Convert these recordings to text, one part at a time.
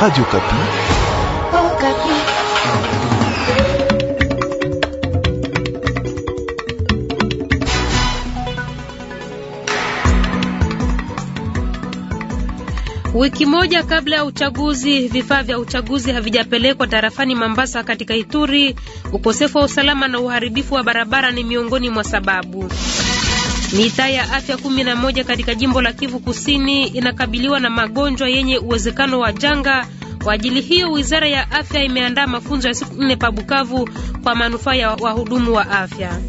Radio Kapi. Oh, Kapi. Wiki moja kabla ya uchaguzi, vifaa vya uchaguzi havijapelekwa tarafani Mambasa katika Ituri. Ukosefu wa usalama na uharibifu wa barabara ni miongoni mwa sababu. Mitaa ya afya kumi na moja katika jimbo la Kivu Kusini inakabiliwa na magonjwa yenye uwezekano wa janga. Kwa ajili hiyo, wizara ya afya imeandaa mafunzo ya siku nne pa Bukavu kwa manufaa ya wahudumu wa afya.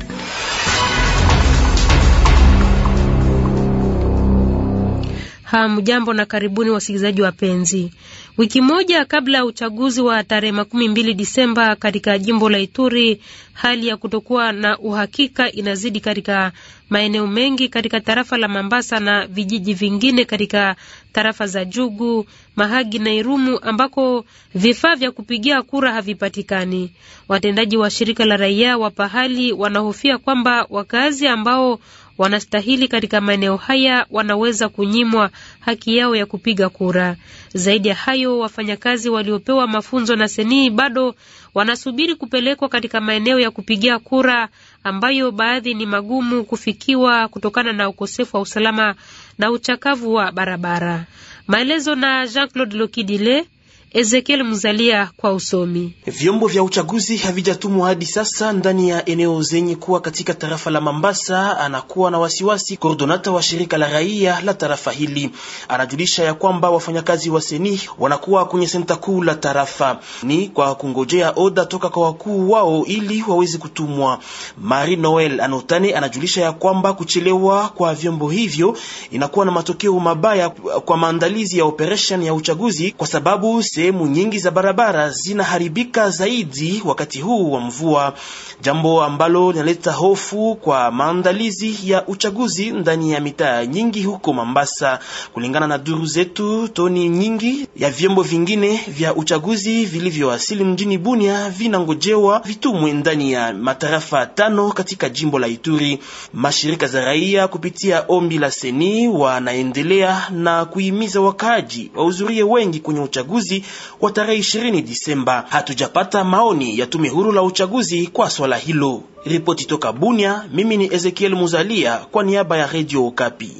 Hamjambo na karibuni wasikilizaji wapenzi. Wiki moja kabla ya uchaguzi wa tarehe makumi mbili Disemba katika jimbo la Ituri, hali ya kutokuwa na uhakika inazidi katika maeneo mengi katika tarafa la Mambasa na vijiji vingine katika tarafa za Jugu, Mahagi na Irumu ambako vifaa vya kupigia kura havipatikani. Watendaji wa shirika la raia wa pahali wanahofia kwamba wakazi ambao wanastahili katika maeneo haya wanaweza kunyimwa haki yao ya kupiga kura. Zaidi ya hayo, wafanyakazi waliopewa mafunzo na senii bado wanasubiri kupelekwa katika maeneo ya kupigia kura ambayo baadhi ni magumu kufikiwa kutokana na ukosefu wa usalama na uchakavu wa barabara. Maelezo na Jean Claude Lokidile. Ezekiel Mzalia kwa usomi. Vyombo vya uchaguzi havijatumwa hadi sasa ndani ya eneo zenye kuwa katika tarafa la Mambasa. Anakuwa na wasiwasi koordonata wa shirika la raia la tarafa hili, anajulisha ya kwamba wafanyakazi wa seni wanakuwa kwenye senta kuu la tarafa, ni kwa kungojea oda toka kwa wakuu wao ili waweze kutumwa. mari Noel Anotane anajulisha ya kwamba kuchelewa kwa vyombo hivyo inakuwa na matokeo mabaya kwa maandalizi ya operation ya uchaguzi kwa sababu sehemu nyingi za barabara zinaharibika zaidi wakati huu wa mvua, jambo ambalo linaleta hofu kwa maandalizi ya uchaguzi ndani ya mitaa nyingi huko Mambasa. Kulingana na duru zetu, toni nyingi ya vyombo vingine vya uchaguzi vilivyowasili mjini Bunia vinangojewa vitumwe ndani ya matarafa tano katika jimbo la Ituri. Mashirika za raia kupitia ombi la seni wanaendelea na kuhimiza wakaaji wahudhurie wengi kwenye uchaguzi kwa tarehe 20 Disemba. Hatujapata maoni ya tume huru la uchaguzi kwa swala hilo. Ripoti toka Bunia, mimi ni Ezekiel Muzalia kwa niaba ya redio Okapi.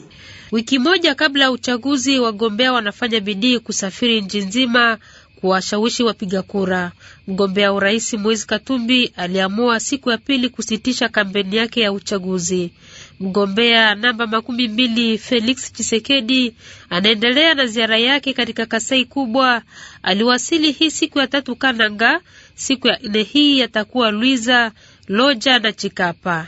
Wiki moja kabla ya uchaguzi, wagombea wanafanya bidii kusafiri nchi nzima kuwashawishi wapiga kura. Mgombea urais Moise Katumbi aliamua siku ya pili kusitisha kampeni yake ya uchaguzi. Mgombea namba makumi mbili Felix Chisekedi anaendelea na ziara yake katika Kasai kubwa. Aliwasili hii siku ya tatu Kananga, siku ya nne hii yatakuwa Luiza, Loja na Chikapa.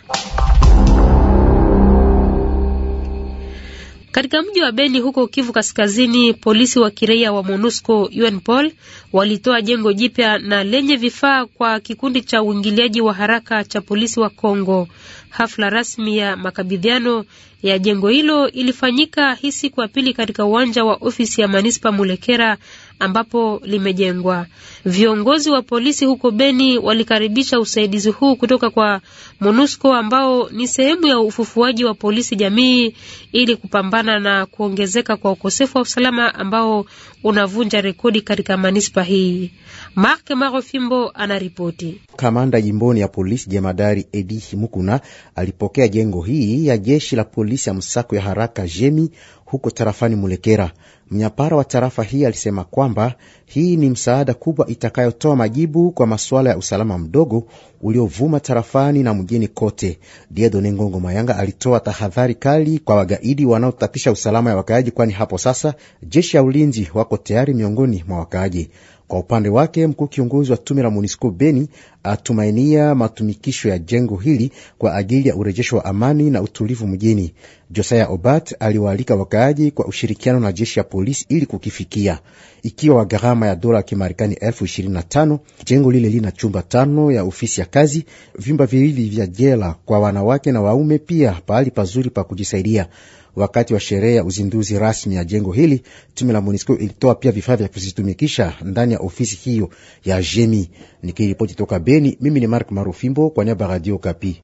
Katika mji wa Beni huko Kivu Kaskazini, polisi wa kiraia wa MONUSCO UNPOL walitoa jengo jipya na lenye vifaa kwa kikundi cha uingiliaji wa haraka cha polisi wa Kongo. Hafla rasmi ya makabidhiano ya jengo hilo ilifanyika hii siku ya pili katika uwanja wa ofisi ya manispa Mulekera ambapo limejengwa. Viongozi wa polisi huko Beni walikaribisha usaidizi huu kutoka kwa MONUSCO ambao ni sehemu ya ufufuaji wa polisi jamii ili kupambana na kuongezeka kwa ukosefu wa usalama ambao unavunja rekodi katika manispa hii. Mark Marofimbo anaripoti. Kamanda jimboni ya polisi jemadari Edi Himukuna alipokea jengo hii ya jeshi la polisi ya msako ya haraka jemi huko tarafani Mulekera. Mnyapara wa tarafa hii alisema kwamba hii ni msaada kubwa itakayotoa majibu kwa masuala ya usalama mdogo uliovuma tarafani na mjini kote. Diedone Ngongo Mayanga alitoa tahadhari kali kwa wagaidi wanaotatisha usalama ya wakaaji, kwani hapo sasa jeshi ya ulinzi wako tayari miongoni mwa wakaaji. Kwa upande wake mkuu kiongozi wa tume la MONUSCO Beni atumainia matumikisho ya jengo hili kwa ajili ya urejesho wa amani na utulivu mjini. Josaya Obat aliwaalika wakaaji kwa ushirikiano na jeshi ya polisi ili kukifikia, ikiwa wa gharama ya dola ya Kimarekani elfu ishirini na tano. Jengo lile lina chumba tano ya ofisi ya kazi, vyumba viwili vya jela kwa wanawake na waume, pia pahali pazuri pa kujisaidia. Wakati wa sherehe ya uzinduzi rasmi ya jengo hili, tume la MONUSCO ilitoa pia vifaa vya kuzitumikisha ndani ya ofisi hiyo ya JEMI. Nikiripoti toka Beni, mimi ni Mark Marufimbo kwa niaba ya Radio Kapi.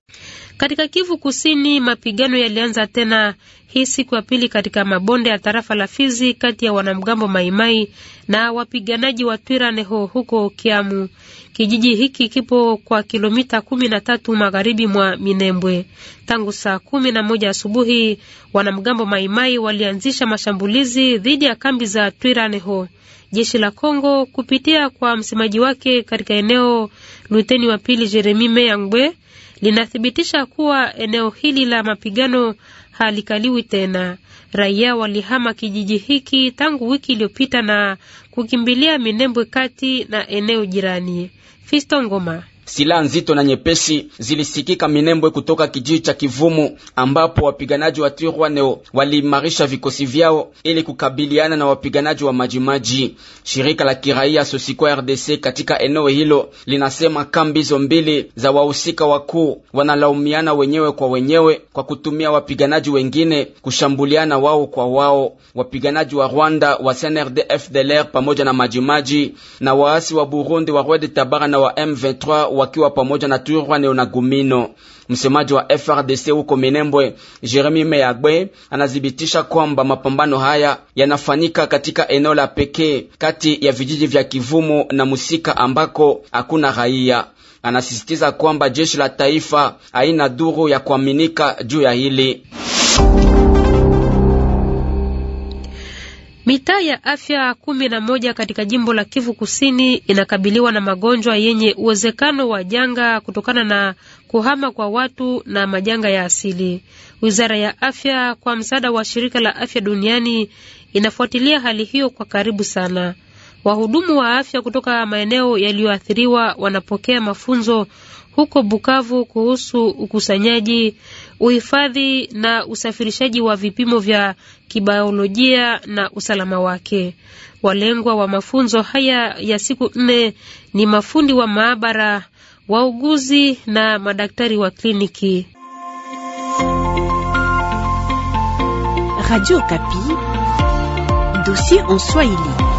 Katika Kivu Kusini, mapigano yalianza tena hii siku ya pili katika mabonde ya tarafa la Fizi kati ya wanamgambo Maimai na wapiganaji wa Twiraneho huko Kiamu. Kijiji hiki kipo kwa kilomita kumi na tatu magharibi mwa Minembwe. Tangu saa kumi na moja asubuhi wanamgambo Maimai walianzisha mashambulizi dhidi ya kambi za Twiraneho. Jeshi la Kongo kupitia kwa msemaji wake katika eneo luteni wa pili Jeremi Meyangwe linathibitisha kuwa eneo hili la mapigano halikaliwi tena. Raia walihama kijiji hiki tangu wiki iliyopita na kukimbilia Minembwe kati na eneo jirani. Fisto Ngoma Silaha nzito na nyepesi zilisikika Minembwe kutoka kijiji cha Kivumu, ambapo wapiganaji wa Tirwaneo waliimarisha vikosi vyao ili kukabiliana na wapiganaji wa Majimaji. Shirika la kiraia Sosiko RDC katika eneo hilo linasema kambi hizo mbili za wahusika wakuu wanalaumiana wenyewe kwa wenyewe kwa kutumia wapiganaji wengine kushambuliana wao kwa wao. Wapiganaji wa Rwanda wa CNRD FDLR pamoja na Majimaji na waasi wa Burundi wa Rwed Tabara na wa M23 wakiwa pamoja na Turwa Neonagumino. Msemaji wa FRDC huko Minembwe, Jeremy Meyagwe, anathibitisha kwamba mapambano haya yanafanyika katika eneo la pekee kati ya vijiji vya Kivumu na Musika ambako hakuna raia. Anasisitiza kwamba jeshi la taifa haina duru ya kuaminika juu ya hili. Mitaa ya afya kumi na moja katika jimbo la Kivu Kusini inakabiliwa na magonjwa yenye uwezekano wa janga kutokana na kuhama kwa watu na majanga ya asili. Wizara ya Afya kwa msaada wa shirika la afya duniani inafuatilia hali hiyo kwa karibu sana. Wahudumu wa afya kutoka maeneo yaliyoathiriwa wanapokea mafunzo huko Bukavu kuhusu ukusanyaji, uhifadhi na usafirishaji wa vipimo vya kibiolojia na usalama wake. Walengwa wa mafunzo haya ya siku nne ni mafundi wa maabara, wauguzi na madaktari wa kliniki. Radio Kapi, dossier en Swahili.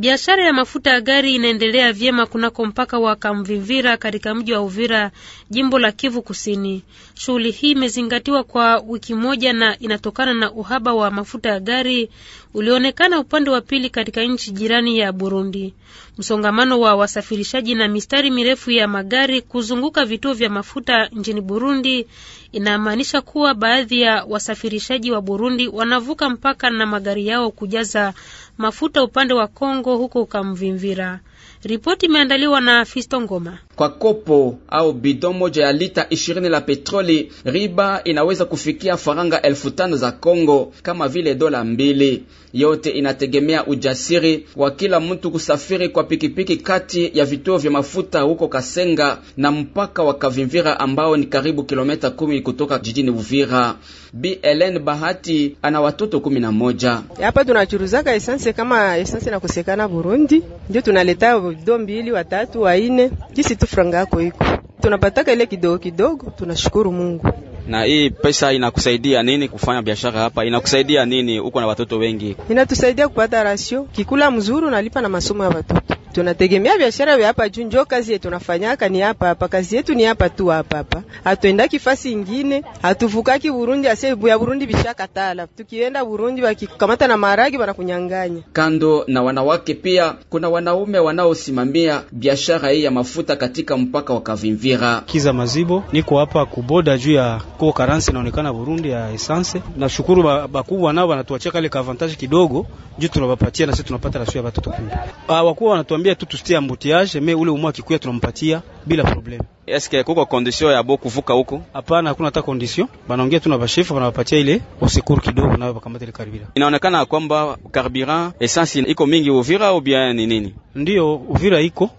Biashara ya mafuta ya gari inaendelea vyema kunako mpaka wa kamvivira katika mji wa Uvira, jimbo la Kivu Kusini. Shughuli hii imezingatiwa kwa wiki moja na inatokana na uhaba wa mafuta ya gari ulioonekana upande wa pili katika nchi jirani ya Burundi. Msongamano wa wasafirishaji na mistari mirefu ya magari kuzunguka vituo vya mafuta nchini Burundi inamaanisha kuwa baadhi ya wasafirishaji wa Burundi wanavuka mpaka na magari yao kujaza mafuta upande wa Kongo huko Kamvimvira. Ripoti imeandaliwa na Fisto Ngoma. Kwa kopo au bidon moja ya lita ishirini la petroli, riba inaweza kufikia faranga elfu tano za Kongo, kama vile dola mbili. Yote inategemea ujasiri wa kila mtu kusafiri kwa pikipiki kati ya vituo vya mafuta huko Kasenga na mpaka wa Kavimvira ambao ni karibu kilomita kumi kutoka jijini Uvira. BLN Bahati ana watoto kumi na moja. Hapa tunachuruzaka esanse kama esanse na kusekana Burundi, ndio tunaleta yao do mbili watatu waine, kisi tu franga yako iko tunapataka ile kidogo kidogo, tunashukuru Mungu. Na hii pesa inakusaidia nini kufanya biashara hapa? Inakusaidia nini? Uko na watoto wengi? Inatusaidia kupata rasio kikula mzuri, unalipa na masomo ya watoto tunategemea biashara ya hapa juu, njo kazi yetu tunafanyaka ni hapa hapa, kazi yetu ni hapa tu hapa hapa, hatuendaki fasi ingine, hatuvukaki Burundi ase ya Burundi bishakatala. Tukienda Burundi wakikamata na maharagi wanakunyang'anya. Kando na wanawake, pia kuna wanaume wanaosimamia biashara hii ya mafuta katika mpaka wa Kavimvira. Kiza Mazibo, niko hapa kuboda juu ya ko karansi inaonekana Burundi ya essence. Nashukuru bakubwa nao wanatuachia kale kavantage kidogo juu tunawapatia na sisi tunapata rasio ya watoto pia. Ah, wakuu tunamwambia tu tusitie ambutiage me ule umwa akikuya tunampatia bila probleme. Eske kuko condition ya bo kuvuka huko? Hapana, hakuna hata condition. Banaongea tu na bashefu banawapatia ile osecours kidogo, nayo bakamata ile karibira. Inaonekana kwamba carburant essence iko mingi Uvira au bien ni nini? Ndio Uvira iko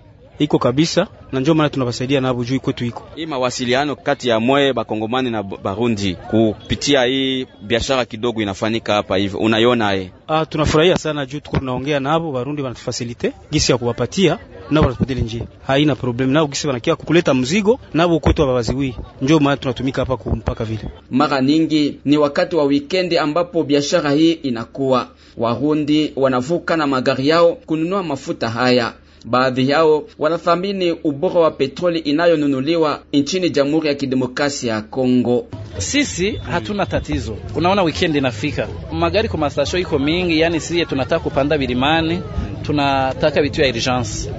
iko kabisa, na ndio maana tunawasaidia na hapo juu kwetu iko hii mawasiliano kati ya mwe bakongomani na barundi kupitia hii biashara kidogo inafanyika hapa hivi, unaiona yeye. Ah, tunafurahia sana juu tuko tunaongea na hapo barundi, wanatufasilite gisi ya kuwapatia nao, wanatupatia njia, haina problem nao gisi wanakia kuleta mzigo nao kwetu wabaziwi, ndio maana tunatumika hapa kumpaka vile. Mara nyingi ni wakati wa wikendi ambapo biashara hii inakuwa, warundi wanavuka na magari yao kununua mafuta haya Baadhi yao wanathamini ubora wa petroli inayonunuliwa nchini Jamhuri ya Kidemokrasia ya Kongo. Sisi hatuna tatizo, unaona, weekend inafika, magari kwa mastasho iko mingi, yani sisi tunataka kupanda bilimani, tunataka vitu ya urgence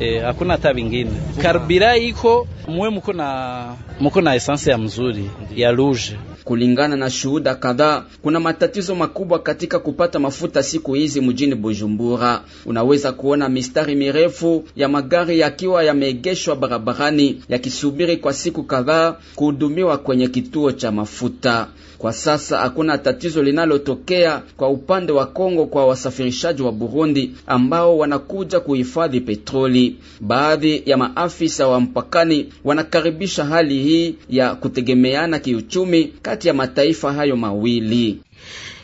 e, hakuna e, hata vingine karbira iko muwe muko na, muko na esansi ya mzuri ya luge Kulingana na shuhuda kadhaa, kuna matatizo makubwa katika kupata mafuta siku hizi mjini Bujumbura. Unaweza kuona mistari mirefu ya magari yakiwa yameegeshwa barabarani yakisubiri kwa siku kadhaa kuhudumiwa kwenye kituo cha mafuta. Kwa sasa hakuna tatizo linalotokea kwa upande wa Kongo kwa wasafirishaji wa Burundi ambao wanakuja kuhifadhi petroli. Baadhi ya maafisa wa mpakani wanakaribisha hali hii ya kutegemeana kiuchumi kati ya mataifa hayo mawili.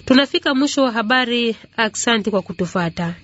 Tunafika mwisho wa habari. Asante kwa kutufata.